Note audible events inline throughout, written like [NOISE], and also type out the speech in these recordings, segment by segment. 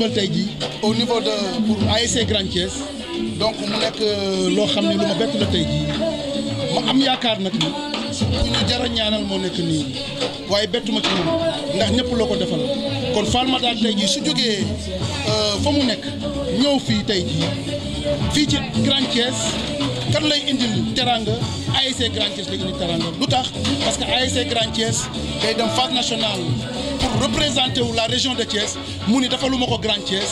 yëmbal tey jii au niveau de pour ASC Grand Thiès donc mu nekk euh, loo xam ne lu ma bett la tey jii ma am yaakaar nag ni ku ñu jara moo nekk nii waaye bettuma ci moom ndax ñëpp loo ko defal kon Falma daal tey jii su jógee euh, fa mu nekk ñëw fii tey jii fii ci Grand Thiès kan lay indil teranga ASC Grand Thiès lay indil teranga lu tax parce que ASC Grand Thiès day dem phase national représenté wu la région de Thiès mu ni defaluma ko Grand Thiès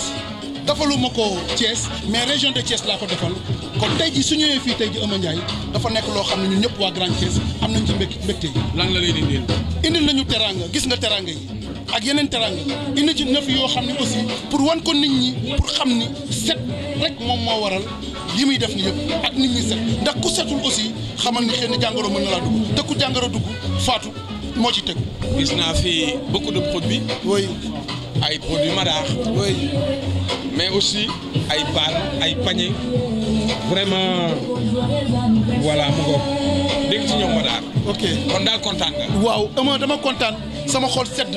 defaluma ko Thiès mais région de Thiès laa ko defal kon tey ji su ñëwee fii tey ji Eumeu Ndiaye dafa nekk loo xam ne ñu ñëpp waa Grand Thiès am nañ ci mbég mbégte yi. lan la lay indil. indil nañu teraanga gis nga teraanga yi ak yeneen teraanga indi ci nëf yoo xam ne aussi pour wan ko nit ñi pour xam ni set rek moom moo waral. yi muy def ni yëpp ak nit ñi set ndax ku setul aussi xamal ni xëy na jàngoro mën na laa dugg te ku dugg faatu moo ci tegu. gis naa fi beaucoup de produits. oui. ay produits madaax. oui. mais aussi ay baal ay panier. vraiment voilà mu ngoog dégg ci ñoom madaax. ok kon daal kontaan nga. waaw ama dama kontaan sama xol sedd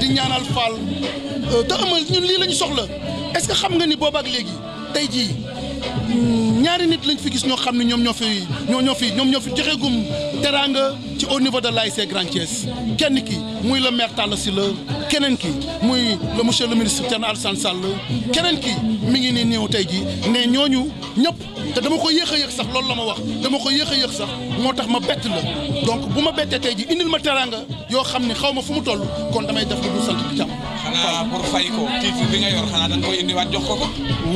di ñaanal Fall euh, te ama ñun lii la soxla est-ce que xam nga ni boobaak léegi tey jii. ñaari nit lañ fi gis ñoo xam ne ñoom ñoo fi ñoo ñoo fi ñoom ñoo fi joxe gum ci au niveau de l'ASC Grand Thiès kenn ki muy le maire si la keneen ki muy le monsieur le ministre Thierno Alassane Sall keneen ki mi ngi nii ñëw tey jii ne ñooñu ñëpp te dama ko yéex a yéex sax loolu la ma wax dama ko yéex a yéex sax moo tax ma bett la donc bu ma bettee tey ji indil ma teraanga yoo xam ne xaw ma fu mu toll kon damay def lu dul sant bi jàmm. xanaa pour fay ko titre bi nga yor xanaa da koy indiwaat jox ko ko.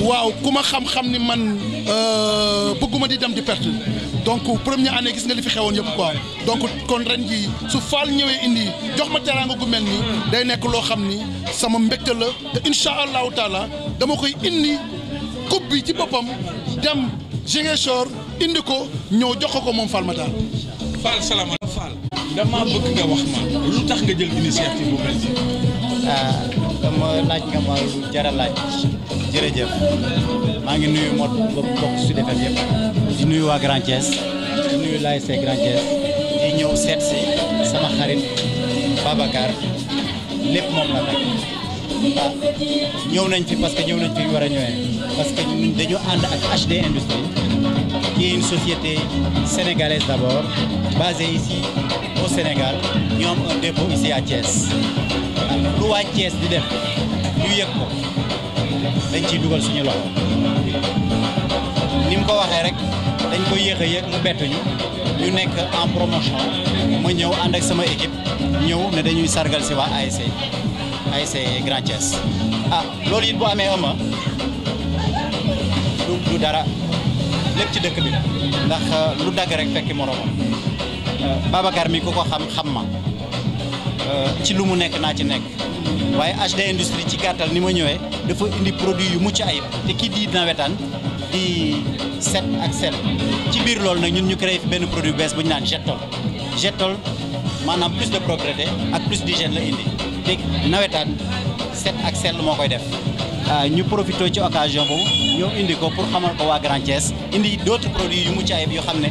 waaw ku ma xam-xam ni man euh, bëgguma di dem di perte. donc première année gis nga li fi xewoon yëpp quoi donc kon ren jii su Fall ñëwee indi jox ma teraanga gu mel nii hmm. day nekk loo xam ni sama mbégte la te incha allahu taala dama koy indi coupe bi ci boppam dem Ziguinchor indi ko ñëw jox ko moom Fall ma Fall salaama Fall dama bëgg nga wax ma lu tax nga jël initiative bu mel nii. Ah, dama laaj nga ma lu jërëjëf maa ngi nuyu mot bokk Sud FM yëpp di nuyu waa Grand Thiès di nuyu laay see di ñëw seet si sama xarit Babacar lépp moom la nag ñëw nañ fi parce que ñëw nañ fi war a ñëwee parce que dañu ànd ak HD Industrie qui est une société sénégalaise d'abord basée ici au Sénégal ñoom un dépôt ici à Thiès lu waa di def ñu yëg ko dañ ci dugal suñu loxo ni mu ko waxee rek dañ koy yéex a yéeg mu bett ñu nekk en promotion ma ñëw ànd ak sama équipe ñëw ne dañuy sargal si waa ASC ASC Grand Thiès ah loolu it bu amee ama du du dara lépp ci dëkk bi ndax euh, lu dagg rek fekki moromam euh, Babacar mi ku ko xam xam ma euh, ci lu mu nekk naa ci nekk waaye HD industrie ci gàttal ni ma ñëwee dafa indi produit yu mucc ayib te kii di nawetaan di set ak set ci biir loolu nag ñun ñu créé fi benn produit bees bu ñu naan jettol jettol maanaam plus de propreté ak plus d'hygiène la indi te nawetaan set ak sell moo koy def euh, ñu profité ci occasion boobu ñoo indi ko pour xamal ko waa Grand Thiès indi d'autres produits yu mucc ayib yoo xam ne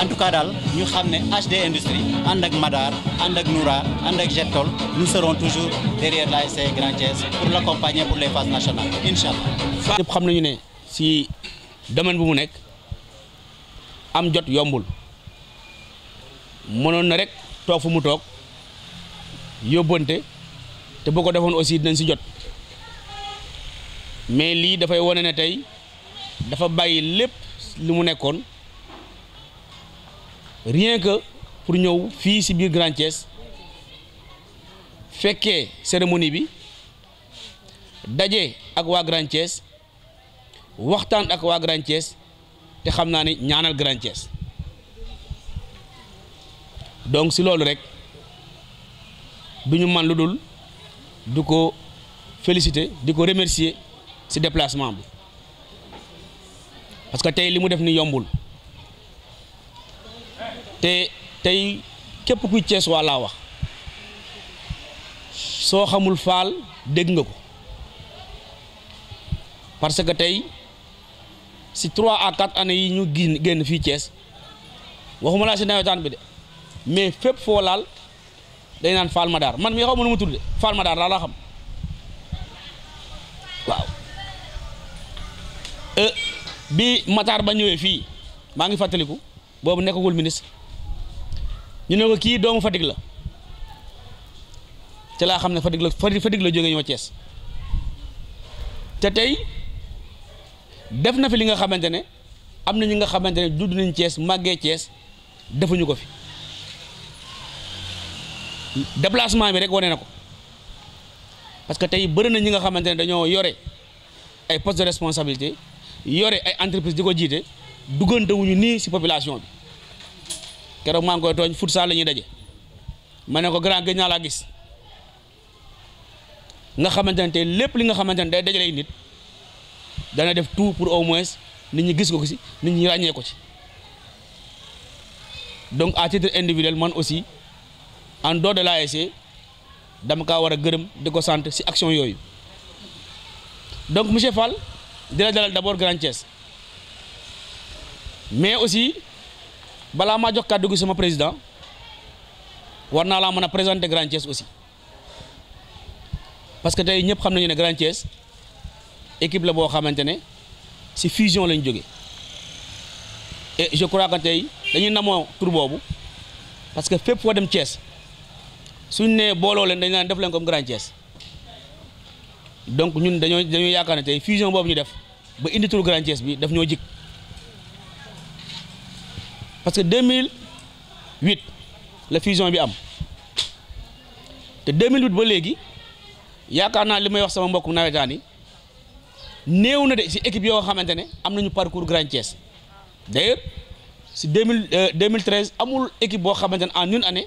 en tout cas daal ñu xam ne HD Industrie ànd ak Madar ànd ak Noura ànd ak Jetol nous serons toujours derrière l'ASC Grand Thiès pour l'accompagner pour les phases nationales incha allah. ñëpp xam nañu ne si domaine bu mu nekk am jot yombul mënoon na rek toog fu mu toog yóbbante te boo ko defoon aussi dañ si jot mais lii dafay wone ne tey dafa bàyyi lépp li mu nekkoon. rien que pour ñëw fii si biir Grand Thiès fekkee cérémonie bi daje ak waa Grand Thiès waxtaan ak waa Grand Thiès te xam naa ni ñaanal Grand Thiès donc si loolu rek du ñu man lu dul du ko féliciter di ko remercier si déplacement bi parce que tey li mu def ni yombul te tey képp kuy Cees waa laa wax soo xamul faal dégg nga ko parce que tey si trois à quatre années yi ñu génn génn fii Cees waxuma laa si nawetaan bi de mais fépp foo laal day naan Fall Madaar man mi xaw ma nu mu tudde Fall Madaar laa laa xam eh, bi Matar ba ñëwee fii maa ngi fàttaliku boobu nekkagul ministre ñu ne ko kii doomu Fatick la ci laa xam ne Fatick la Fatick la jóge ñoo Cees te tey def na fi li nga xamante ne am na ñi nga xamante ne judd nañ Cees màggee Cees defuñu ko fi déplacement bi rek wane na ko parce que tey bëri na ñi nga xamante ne dañoo yore ay post de responsabilité yore ay entreprise di ko jiite duggantewuñu wuñu nii ci population bi keroog maa ngi koy tooñ futsal la ñuy daje ma ne ko grand gëj laa gis nga xamante ne lépp li nga xamante ne day dajale nit dana def tout pour au moins nit ñi gis ko ci nit ñi ràññee ko ci donc à titre individuel man aussi en dehors de l'ASC dama kaa war a gërëm di ko sant ci action yooyu donc monsieur Fall di la dalal d'abord Grand Thiès mais aussi. balaa maa jox kàddu gi sama président war naa laa mën a présenter Grand Thiès aussi parce que tey ñëpp xam nañu ne Grand Thiès équipe la boo xamante ne si fusion lañ jóge e je crois que tey dañuy namoo tur boobu parce que fépp foo dem Thiès suñ ne booloo leen dañ naan def leen comme Grand Thiès donc ñun dañoo dañoo yaakaar ne tey fusion boobu ñu def ba indi tur Grand Thiès bi daf ñoo jik parce que 2008 la fusion bi am te deux 2008 ba léegi yaakaar naa li may wax sama mbokku nawetaan yi néew na de si équipe yoo xamante ne am nañu parcours Grand Thiès d'ailleurs si mille 2013 euh, amul équipe boo xamante ne en une année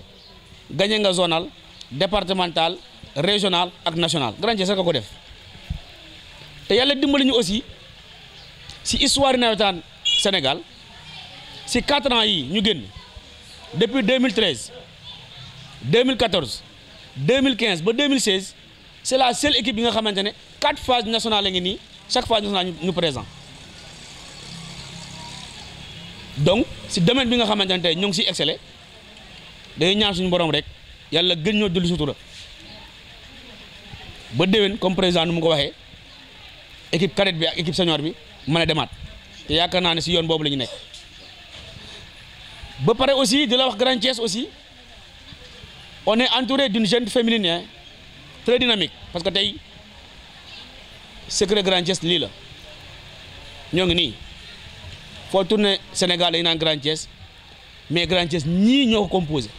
gagné nga zonal départemental régional ak national Grand Thiès rek a ko def te yàlla dimbali ñu aussi si histoire nawetaan Sénégal. si quatre ans yi ñu génn depuis 2013 mille 2015 ba deux 2016 c' est la seule équipe bi nga xamante ne quatre phases nationales la ngi nii chaque phase nationale ñu présent donc si domaine bi nga xamante ne tey ñu ngi siy excellé dañuy ñaan suñu borom rek yàlla gën ñoo dul sutura ba déwén comme président nu mu ko waxee équipe cadette bi ak équipe senior bi mën a demaat te yaakaar naa ne si yoon boobu la ñu nekk. ba pare aussi di la wax Grand Thiès aussi one est d'une jeune féminine hein, très dynamique parce que tey secret Grand Thiès lii la ñoo ngi nii foo tourné Sénégal dañu naan Grand Thiès mais Grand Thiès ñii ñoo ko composé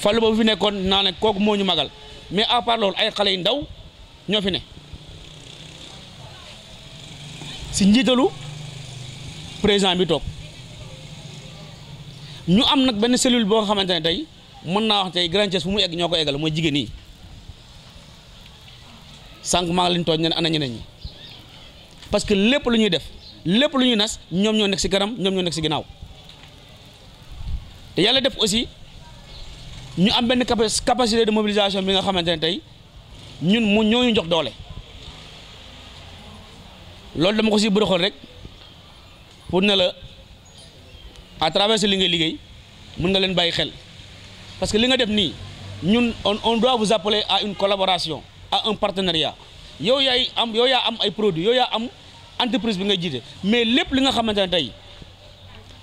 Fallou boobu fi nekkoon naa ne kooku moo ñu magal mais à part loolu ay xale yu ndaw ñoo fi ne si njiitalu président bi toog. ñu am nag benn cellule boo xamante ne tey mën naa wax tey Grand Thiès fu mu egg ñoo ko eggal mooy jigéen yi sànq liñ ngi leen tooñ ne ana ñeneen ñi parce que lépp lu ñuy def lépp lu ñuy nas ñoom ñoo nekk ci kanam ñoom ñoo nekk ci ginnaaw te yàlla def aussi ñu am benn capacité de mobilisation bi nga xamante ne tey ñun mu ñoo ñu jox doole loolu dama ko ci bëri rek pour ne à traverse li ngay liggéey mën nga leen bàyyi xel parce que li nga def nii ñun on on doit vous appeler à une collaboration à un partenariat yow yaay am yow yaa am ay produits yow yaa am entreprise bi ngay jiite mais lépp li nga xamante ne tey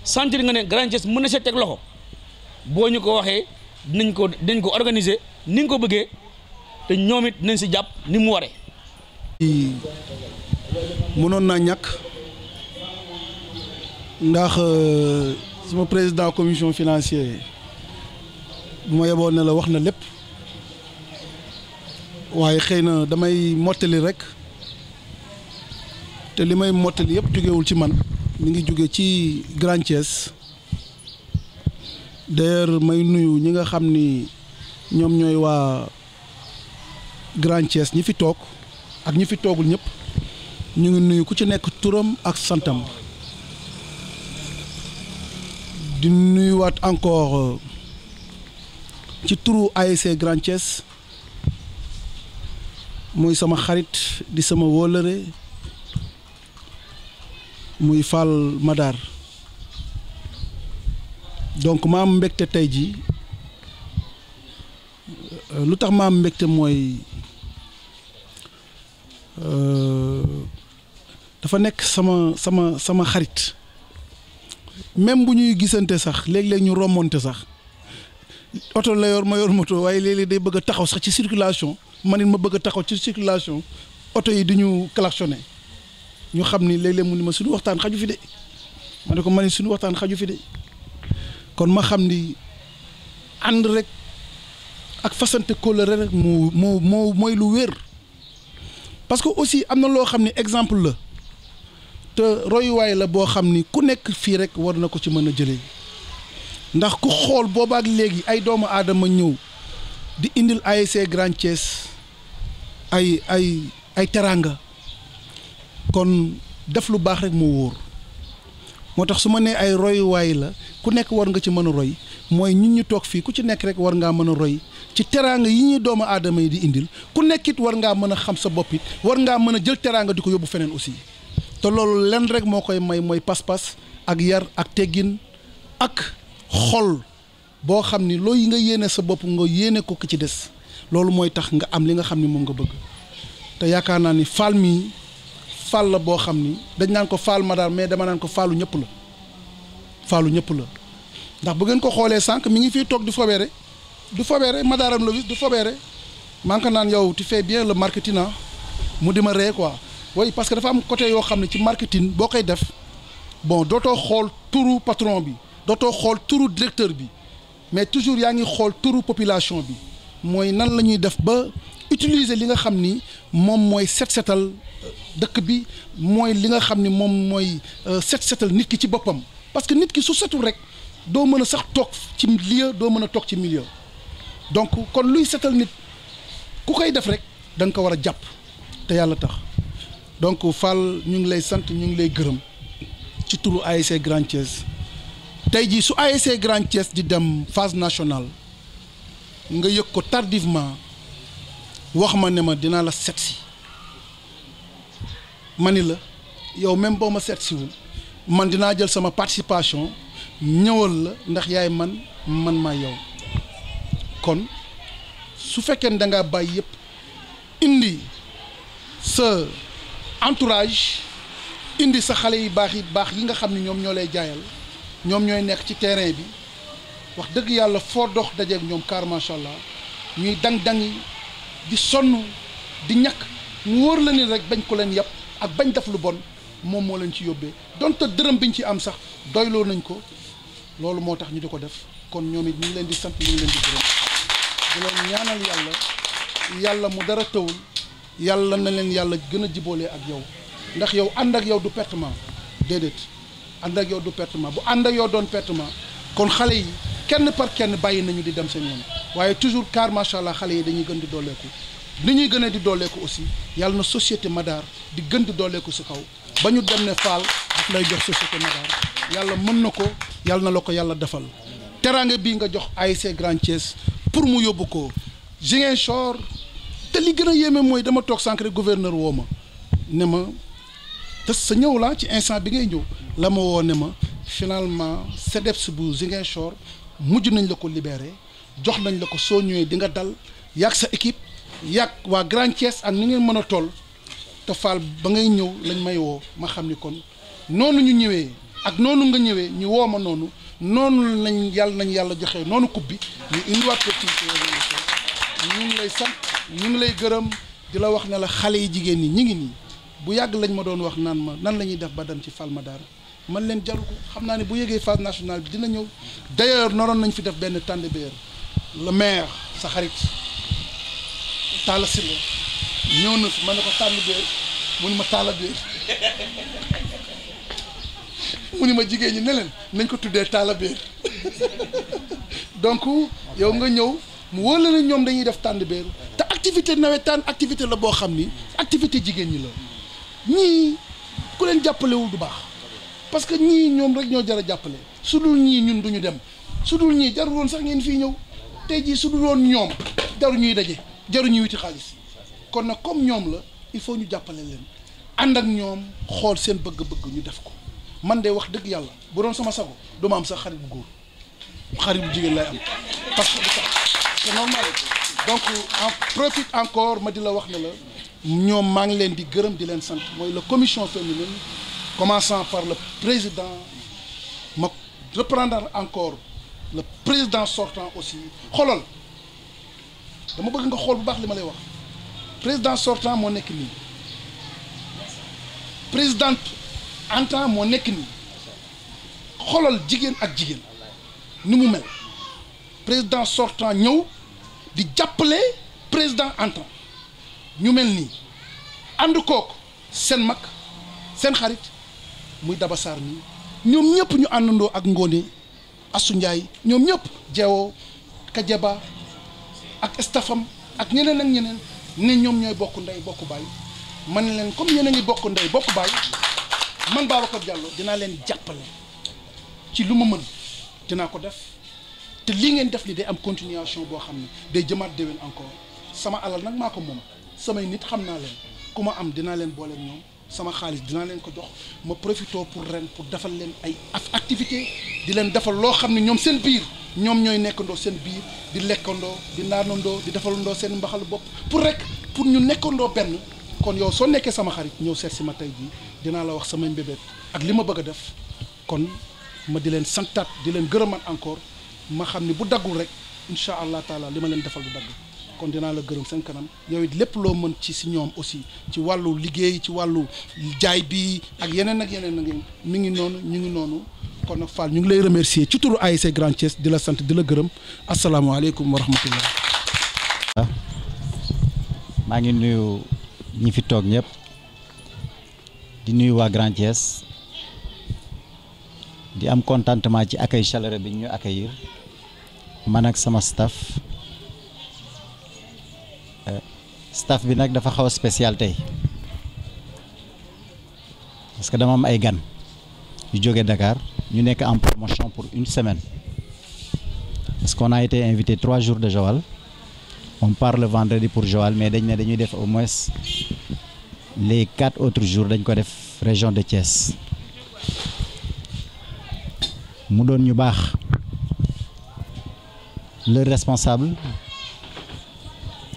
sentir nga ne Grand Thiès mën na see teg loxo boo ñu ko waxee dinañ ko dinañ ko organiser ni nga ko bëggee te ñoom it dinañ si jàpp ni mu waree. mënoon naa ñàkk. ndax euh, suma président commission financière bu ma yeboon ne la wax na lépp waaye xëy na damay mottali rek te li may mottali yëpp jógewul ci man mu ngi jóge ci Grand Thiès d'ailleurs may nuyu ñi nga xam ni ñoom ñooy waa Grand Thiès ñi fi toog ak ñi fi toogul ñëpp ñu ngi nuyu ku ci nekk turam ak santam di nuyuwaat encore euh, ci turu ASC Grand Thiès muy sama xarit di sama wóolëre muy Fall Madar donc ma am mbégte tey ji euh, lu tax ma am mbégte mooy euh, dafa nekk sama sama sama xarit même bu ñuy gisante sax léeg-léeg ñu romonte sax oto la yor ma yor moto waaye léegi day bëgg a taxaw sax ci circulation man it ma bëgg a taxaw ci circulation oto yi di ñu klaxonné ñu xam ni léeg-léeg mu ni ma suñu waxtaan xaju fi de ma ne ko ma ni suñu waxtaan xaju fi de kon ma xam ni ànd rek ak fasante kóllëre rek moo moo mooy lu wér parce que aussi am na loo xam ni exemple la. te royuwaay la boo xam ni ku nekk fii rek war na ko ci mën a jëlee ndax ku xool boobaak léegi ay doomu aadama ñëw di indil ASC Grand Thiès ay ay ay teraanga kon def lu baax rek moo wóor moo tax su ma nee ay royuwaay la ku nekk war nga ci mën a roy mooy ñun ñu toog fii ku ci nekk rek war ngaa mën a roy ci teraanga yi ñuy doomu aadama yi di indil ku nekkit war ngaa mën a xam sa bopp it war ngaa mën a jël teraanga di ko yóbbu feneen aussi te loolu lenn rek moo koy may mooy pas-pas ak yar ak teggin ak xol boo xam ni loo yi nga yéene sa bopp nga yéene ko ki ci des loolu mooy tax nga am li nga xam ni moom nga bëgg te yaakaar naa ni faal mii faal la boo xam ni dañ naan ko faal ma daal mais dama daan ko faalu ñëpp la faalu ñëpp la ndax bu ngeen ko xoolee sànq mi ngi fii toog du foobeere du fobeere madaaram la du fobeere man ko naan yow tu fais bien le marketing ah. mu di ma ree quoi oui parce que dafa am côté yoo xam ne ci marketing boo koy def bon dootoo xool turu patron bi dootoo xool turu directeur bi mais toujours yaa ngi xool turu population bi mooy nan la ñuy def ba utiliser li nga xam ni moom mooy set setal euh, dëkk bi mooy li nga xam ni moom mooy euh, set setal nit ki ci boppam parce que nit ki su setul rek doo mën a sax toog ci lieu doo mën a toog ci milieu donc kon luy setal nit ku koy def rek da nga ko war a jàpp te yàlla tax donc Fall ñu ngi lay sant ñu ngi lay gërëm ci turu ASC Grand Thiès tey jii su ASC Grand Thiès di dem phase nationale nga yëg ko tardivement wax ma ne ma dinaa la setsi si ma ni la yow même boo ma seet man dinaa jël sama participation ñëwal la ndax yaay man man maa yow kon su fekkee ne da ngaa bàyyi yëpp indi sa. entourage indi sa xale yu baax yi baax yi nga xam ne ñoom ñoo lay jaayal ñoom ñooy nekk ci terrain bi wax dëgg yàlla foo dox dajeeg ñoom car macha allah ñuy dang-dangi di sonn di ñàkk mu wóor la ni rek bañ ko leen yàpp ak bañ def lu bon moom moo leen ci yóbbee donte dërëm biñ ci am sax doyloo nañ ko loolu moo tax ñu di ko def kon ñoom it ñu leen di sant ñu leen di gërëm di leen ñaanal yàlla yàlla mu dara tëwul yàlla na leen yàlla gën a jiboolee ak yow ndax yow ànd ak yow du pertement déedéet ànd ak yow du pertement bu ànd ak yow doon pertement kon xale yi kenn par kenn bàyyi nañu di dem seen yoon waaye toujours car macha allah xale yi dañuy gën di dooleeku ni ñuy gën a di dooleeku aussi yàlla na société Madaar di gën di dooleeku si kaw ba ñu dem ne Fall daf lay jox société Madaar yàlla mën na ko yàlla na la ko yàlla defal teraanga bii nga jox ASC Grand pour mu yóbbu ko te li gën a yéeme mooy dama toog sànq rek woo ma ne ma te sa ñëw laa ci instant bi ngay ñëw la ma woo ne ma finalement CDEPS bu Ziguinchor mujj nañ la ko libeere jox nañ la ko soo ñëwee di nga dal yàgg sa équipe yàgg waa Grand Thiès ak ni ngeen mën a toll te faal ba ngay ñëw lañ may woo ma xam ni kon noonu ñu ñëwee ak noonu nga ñëwee ñu woo ma noonu noonu lañ yàlla nañ yàlla joxee noonu coupe ñu indiwaat ko ci ñu ngi lay sant. ñu ngi lay gërëm di la wax ne la xale yi jigéen ñi ñu ngi nii bu yàgg lañ ma doon wax naan ma nan la ñuy def ba dem ci Falma Dara man leen jaru ko xam naa ne bu yëgee phase nationale bi dina ñëw d'ailleurs naroon nañ fi def benn tànn béer le maire sa xarit Talla Sylla ñëw na fi ma ne ko tànn béer mu ni ma jigéen ñi ne nañ ko tuddee Talla béer [LAUGHS] donc yow nga ñëw mu wóor la ñoom dañuy def tànn béer activité nawetaan activité la boo xam ni activité jigéen ñi la ñii ku leen jàppalewul du baax parce que ñii ñoom rek ñoo jar a jàppale su dul ñii ñun duñu dem su dul ñii jarul woon sax ngeen fii ñëw tey jii su dul woon ñoom jaru ñuy daje jaru ñuy wuti xaalis kon nag comme ñoom la il faut ñu jàppale leen ànd ak ñoom xool seen bëgg-bëgg ñu def ko man de wax dëgg yàlla bu doon sama sago duma am sax xarit bu góor xarit bu jigéen lay am parce que c'est normal donc en profite encore ma di la wax ne la ñoom maa ngi leen di gërëm di leen sant mooy la commission féminine commençant par la président ma reprendre encore le président sortant aussi xolal dama bëgg nga xool bu baax li ma lay wax président sortant moo nekk nii présidente antan moo nekk nii xoolal jigéen ak jigéen ni mu mel président sortant ñëw di jàppale président Antan ñu mel nii ànd kook seen mag seen xarit muy daba dabasaar nii ñoom ñëpp ñu àndandoo ak ngoone Assou Ndiaye ñoom ñëpp jeewoo Kajaba ak stafam ak ñeneen ak ñeneen ne ñoom ñooy bokk ndey bokk baay man ne leen comme ñeneen ñi bokk ndey bokk baay man Babacar Diallo dinaa leen jàppale ci lu ma mën dinaa ko def te lii ngeen def ni day am continuation boo xam ne day jëmaat déwén encore sama alal nag maa ko moom samay nit xam naa leen ku ma am dinaa leen boole ñoom sama xaalis dinaa leen ko jox ma profitoo pour ren pour defal leen ay activité di leen defal loo xam ne ñoom seen biir ñoom ñooy nekkandoo seen biir di lekkandoo di naanandoo di defalandoo seen mbaxalu bopp pour rek pour ñu nekkandoo benn kon yow soo nekkee sama xarit ñëw seet si ma tey jii dinaa la wax samay mbébét ak li ma bëgg a def kon ma di leen santaat di leen gërëmaat encore ma xam ne bu daggul rek incha allah taala li ma leen defal bu dagg kon dinaa la gërëm seen kanam yow it lépp loo mën ci si ñoom aussi ci wàllu liggéey ci wàllu jaay bi ak yeneen ak yeneen ak mi ngi noonu ñu ngi noonu kon nag Fall ñu ngi lay remercier ci turu ASC Grand Thiès di la sant di la gërëm asalaamaaleykum wa rahmatullah. maa ngi nuyu ñi fi toog ñëpp di nuyu waa Grand Thiès di am contentement ci accueil chaleureux bi ñu accueillir. man ak sama staff eh, staff bi nag dafa xaw spécial tey parce que dama am ay gan yu jóge dakaar ñu nekk en promotion pour une semaine parce qu'on a été invité trois jours de Joal on part le vendredi pour Joal mais dañ ne dañuy def au moins les quatre autres jours dañ ko def région de Thiès mu doon ñu baax. le responsable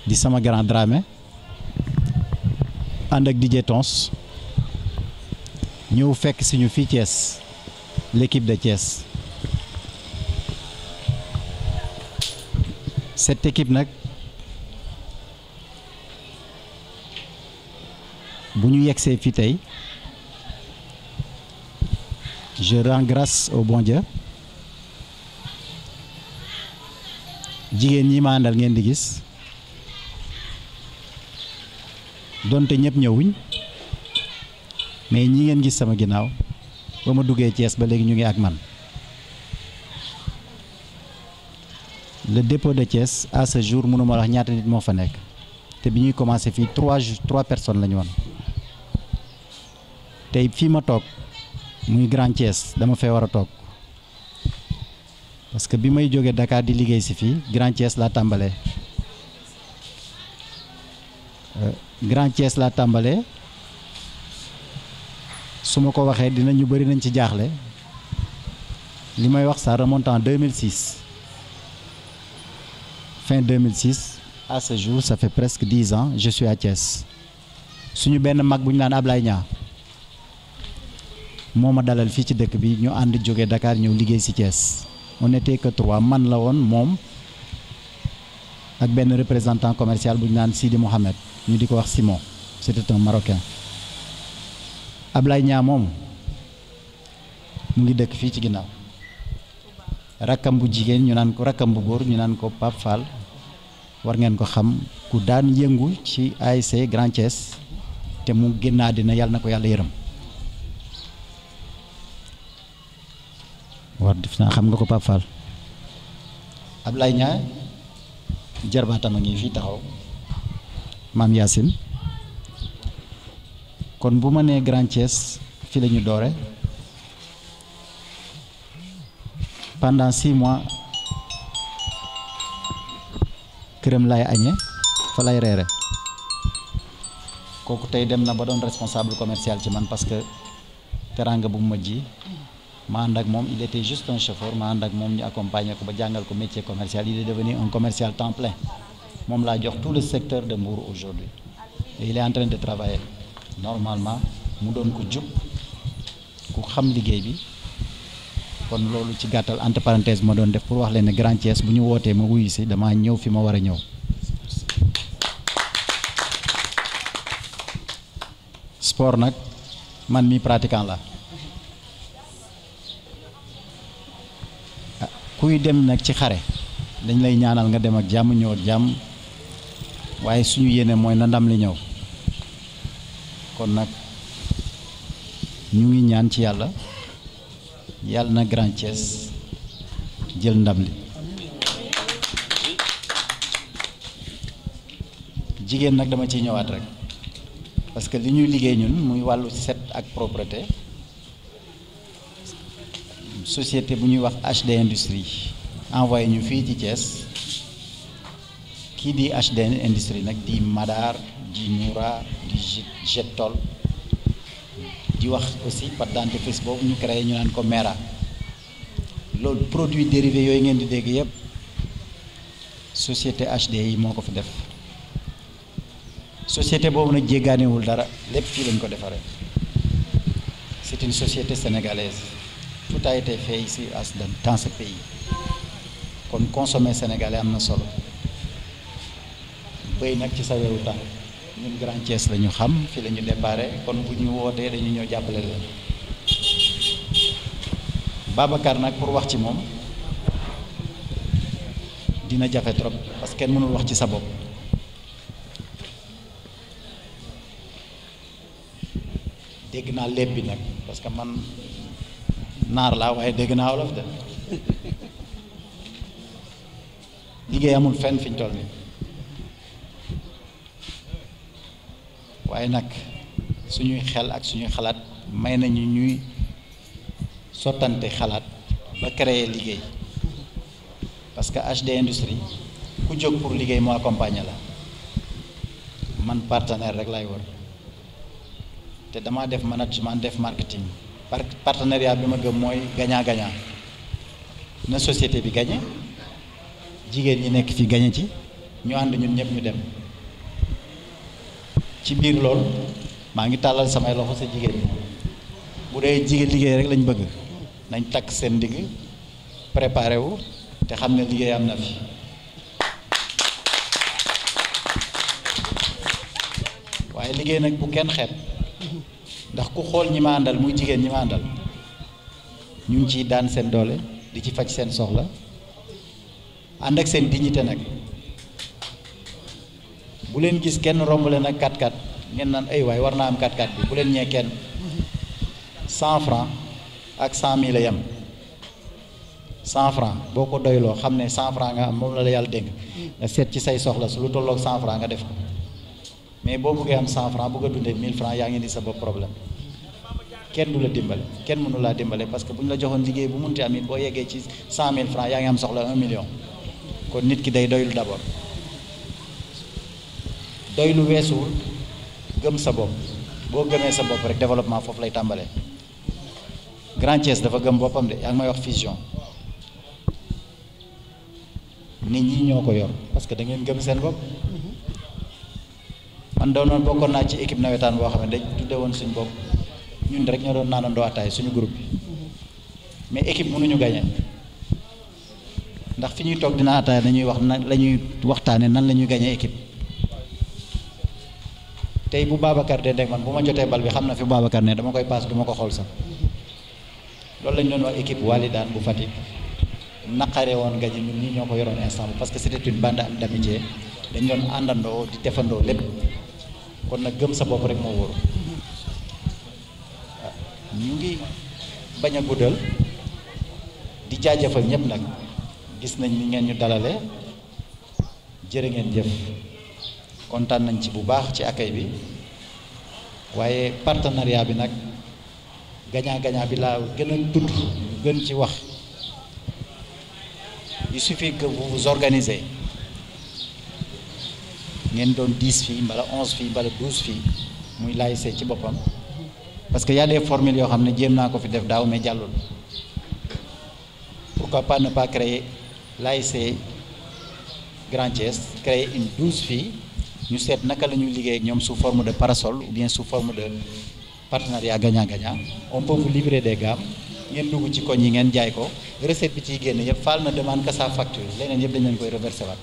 di sama grand Dramé ànd ak ñëw fekk si ñu fii Thiès l'équipe de Thiès cette équipe nag bu ñu yegsee fii tey je rends grâce au bon Dieu jigéen ñi ma àndal ngeen di gis donte ñëpp ñëwuñ mais ñi ngeen gis sama ginnaaw ba ma duggee Thiès ba léegi ñu ngi ak man le dépôt de Thiès à ce jour mënuma wax ñaata nit moo fa nekk te bi ñuy commencé fii trois trois personnes lañu ñu tey fii ma toog muy Grand Thiès dama fee war a toog. parce que bi may jógee Dakar di liggéey si fii Grand Thiès laa tàmbalee euh, Grand Thiès laa tàmbalee su ma ko waxee dina ñu bëri nañ ci jaaxle li may wax ça remonte en 2006 fin 2006 à ce jour ça presque dix ans je suis à Thiès suñu benn mag bu ñu naan lay ñaa moo ma dalal fii ci dëkk bi ñu ànd jóge Dakar ñëw liggéey si Thiès. on n'était que trois man la woon moom ak benn représentant commercial bu ñu naan Sidi Mohamed ñu di ko wax Simon c'était un Marocain Ablaye Niang moom mu ngi dëkk fii ci ginnaaw rakkam bu jigéen ñu naan ko rakkam bu góor ñu naan ko Pape war ngeen ko xam ku daan yëngu ci ay Grand Thiès te mu génn àddina yàlla na ko yàlla yërëm d'accord xam nga ko Pape Fall lay Niang jarbaatam a ngi fi taxaw maam Yacine kon bu ma nee Grand Thiès fi la ñu doore pendant six mois këram lay añe fa lay reere kooku tey dem na ba doon responsable commercial ci man parce que teranga bu ma ji ma ànd ak moom il était juste un chauffeur ma ànd ak moom ñu accompagner ko ba jàngal ko métier commercial il est devenu un commercial temps plein moom laa jox tout les secteur de Mbour aujourd'hui et il est en de travailler normalement mu doon ko jub ku xam liggéey bi kon loolu ci gàttal entre parenthèse ma doon def pour wax leen ne Grand Thiès bu ñu wootee ma wuyu si damaa ñëw fi ma war a ñëw sport nag man mi pratiquant la kuy dem nag ci xare dañ lay ñaanal nga dem ak jàmm ñëw ak jàmm waaye suñu yéene mooy na ndam li ñëw kon nag ñu ngi ñaan ci yàlla yàlla na Grand jël ndam li jigéen nag dama ciy ñëwaat rek parce que li ñuy liggéey ñun muy wàllu set ak propreté société bu ñuy wax HD industrie envoyé ñu fii ci Thiès kii di HD industrie nag di Madar di Noura di Jetol di wax aussi pâte dentifrice boobu ñu créé ñu naan ko Mera loolu produit dérivé yooyu ngeen di dégg yépp société HD yi moo ko fi def société boobu nag jéggaanewul dara lépp fii lañ ko defaree c'est une société sénégalaise tout a été si ici à Soudan dans ce pays kon consommer sénégalais am na solo béy nag ci sa wewu tànk ñun Grand Thiès la ñu xam fi lañu ñu déparé kon bu ñu wootee dañu ñoo jàppale leen Babacar nag pour wax ci moom dina jafe trop parce mënul wax ci sa bopp dégg naa lépp bi nag parce man. naar laa waaye dégg naa wolof de liggéey amul fenn fi ñu waaye nag suñuy xel ak suñuy xalaat may nañu ñuy sottante xalaat ba créer liggéey parce que HD industrie ku jóg pour liggéey mu accompagner la man partenaire rek lay wër te dama def management def marketing partenariat bi ma gëm mooy gañaa gagnant na société bi gagné jigéen ñi nekk fi gagné ci ñu ànd ñun ñëpp ñu dem ci biir lool maa ngi tàllal samay loxo sa jigéen ñi bu dee jigéen liggéey rek lañu bëgg nañ takk seen digg préparé wu te xam ne liggéey am na fi waaye liggéey nag bu kenn xet ndax ku xool ñi ma àndal muy jigéen ñi ma àndal ñu ngi ciy daan seen doole di ci faj seen soxla ànd ak seen dignité nag bu leen gis kenn romb leen ak 4 x ngeen naan ay waay war naa am 4x4 bi bu leen ñee kenn 100 francs ak 100000 la yem 100 francs boo ko doyloo xam ne 100 francs nga am moom la la yàlla dénk nga seet ci say soxla su lu tolloog 100 francs nga def mais boo bëggee am 100 francs bëgg a dundee 1000 francs yaa ngi ni sa bopp problème kenn du la dimbale kenn mënu laa dimbale parce que bu ñu la joxoon liggéey bu munti am it boo yeggee ci 100000 francs yaa ngi am soxla 1 million kon nit ki day doylu d'abord doylu weesuwul gëm sa bopp boo gëmee sa bopp rek développement foofu lay tàmbalee Grand Thiès dafa gëm boppam de yaa ngi may wax fusion nit ñi ñoo ko yor parce que gëm seen bopp. man da doon bokkoon naa ci équipe nawetaan boo xam ne dañ woon suñ bopp ñun rek ñoo doon naanandoo suñu groupe bi mais équipe mënuñu gagné ndax fi ñuy toog dina dañuy wax nan la ñuy waxtaanee nan la ñuy gagné équipe tey bu Babacar de man bu ma jotee bal bi xam na fi Babacar ne dama koy paas du ma ko xool sax loolu lañ doon wax équipe walidaan bu Fatick naqare woon gagné ñun ñii ñoo ko yoroon instant parce que c'était une bande d'amitié dañ doon àndandoo di defandoo lépp. kon nag gëm sa bopp rek moo wóoru ñu ngi bañ a guddal di jaajëfal ñëpp nag gis nañ ni ngeen ñu dalale jërë ngeen jëf kontaan nañ ci bu baax ci accueil bi waaye partenariat bi nag gagnant gagnant bi laa gën a tudd gën ci wax il su que vous vous organisez ngeen doon 10 fii mbala 11 fii mbala 12 fii muy laïcité ci boppam parce que y a yoo xam ne jéem naa ko fi def daaw mais jàllul pourquoi pas ne pas créer laïcité Grand Thiès créer une 12 fii ñu seet naka la ñuy liggéey ak ñoom sous forme de parasol ou bien sous forme de partenariat gagnant-gagnant on peut vous livrer des gammes ngeen dugg ci koñ yi ngeen jaay ko recette bi ciy génn yëpp faal na demande que sa facture leneen yëpp dañ koy reversé waat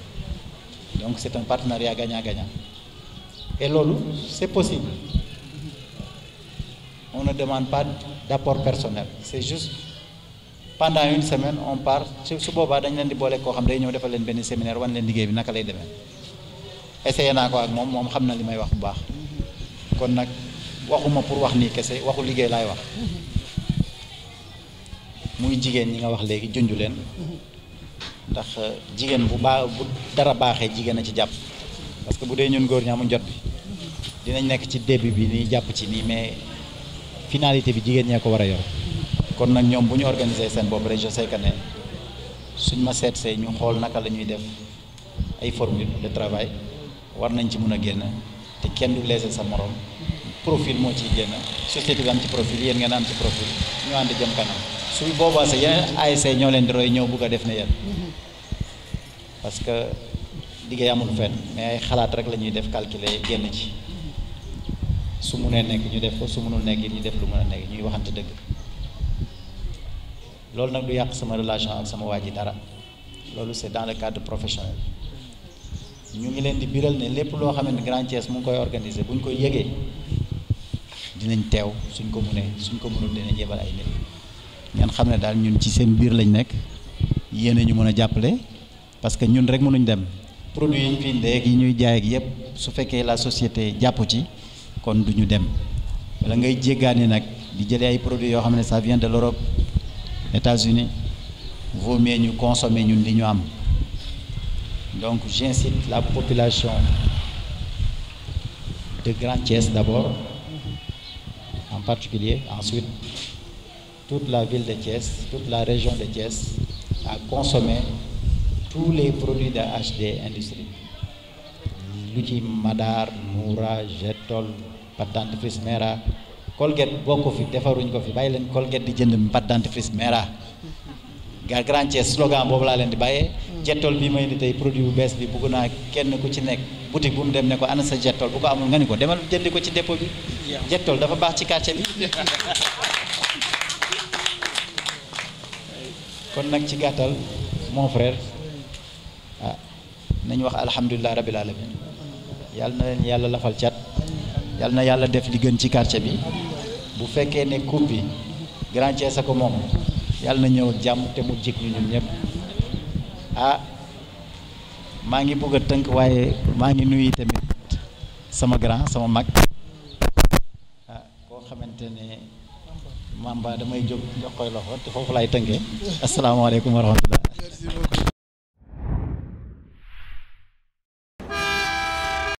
donc c'est un partenariat gagnant-gagnant et loolu c'est possible on ne demande pas d'apport personnel c'est juste pendant une semaine on part su boobaa dañ leen di boole koo xam day ñëw defal leen benn séminaire wan leen liggéey bi naka lay demee essayé naa ko ak moom moom xam na li may wax bu baax kon nag waxuma pour wax nii kese waxu liggéey laay wax muy jigéen ñi nga wax léegi junj leen ndax euh, jigéen bu baax bu dara baaxee jigéen a ci jàpp parce que bu dee ñun góor ñi amuñ jot bi dinañ nekk ci début bi nii jàpp ci nii mais finalité bi jigéen ñee ko war a yor kon nag ñoom bu ñu organiser seen bopp rek je sais que suñ ma seet see ñu xool naka la ñuy def ay formule de travail war nañ ci mun a génn te kenn du léser sa morom profil moo ciy génn société bi am ci profil yéen ngeen am ci profil ñu ànd jëm kanam. su boobaa sa yeneen ASC ñoo leen di roy ñëw bugg a def na yéen parce que liggéey amul fenn mais ay xalaat rek la ñuy def calculer génn ci su munee nekk ñu def ko su munul nekk it ñu def lu mën a nekk ñuy waxante dëgg loolu nag du yàq sama relation ak sama waa ji dara loolu c'est dans le cadre professionnel ñu ngi leen di biral ne lépp loo xam ne Grand Thiès mu ngi koy organiser bu ñu koy yëgee dinañ teew suñ ko munee suñ ko mënul dinañ yebal ay nit. ngeen xam ne daal ñun ci seen biir lañ nekk yéen ñu mën a jàppale parce que ñun rek mënuñ dem produit yi ñu fi ndeeg yi ñuy jaay ak yëpp su fekkee la société jàpp ci kon du ñu dem wala ngay jéggaani nag di jëlee ay produit yoo xam ne ça vient de l'Europe États-Unis vaut mieux ñu consommer ñun li ñu am donc j'incite la population de Grand Thiès d'abord en particulier ensuite tout la ville de Thiès, tout la région de Thiès à consome tous les produits de HD Industrie lu ci Madar Noura Jetol pâte dentifrice Mera Colgate boo ko fi defaruñ ko fi bàyyi leen Colgate di jënd pâte dentifrice Mera ga Grand Thiès slogan boobu laa leen di bàyyee Jetol bi may indi tey produit bu bees bi bugg naa kenn ku ci nekk boutique bu mu dem ne ko ana sa Jetol bu ko amul nga ni ko demal jëndi ko ci dépôt bi Jetol dafa baax ci quartier bi [LAUGHS] kon nag ci gàttal mon frère ah, nañ wax alhamdulilah rabil alamin yàlla na leen yàlla lafal cat yàlla na yàlla def li gën ci quartier bi bu fekkee ne coupe bi Grand Thiès a moom yàlla na ñëw jàmm te mu jik ñu ñun ñëpp ah maa ngi bëgg a tënk waaye maa ngi nuyu tamit sama grand sama mag ah koo xamante ne. mamba damay jóg jox koy loxo te foofu laay tënkee asalaamaaleykum wa rahmatulah.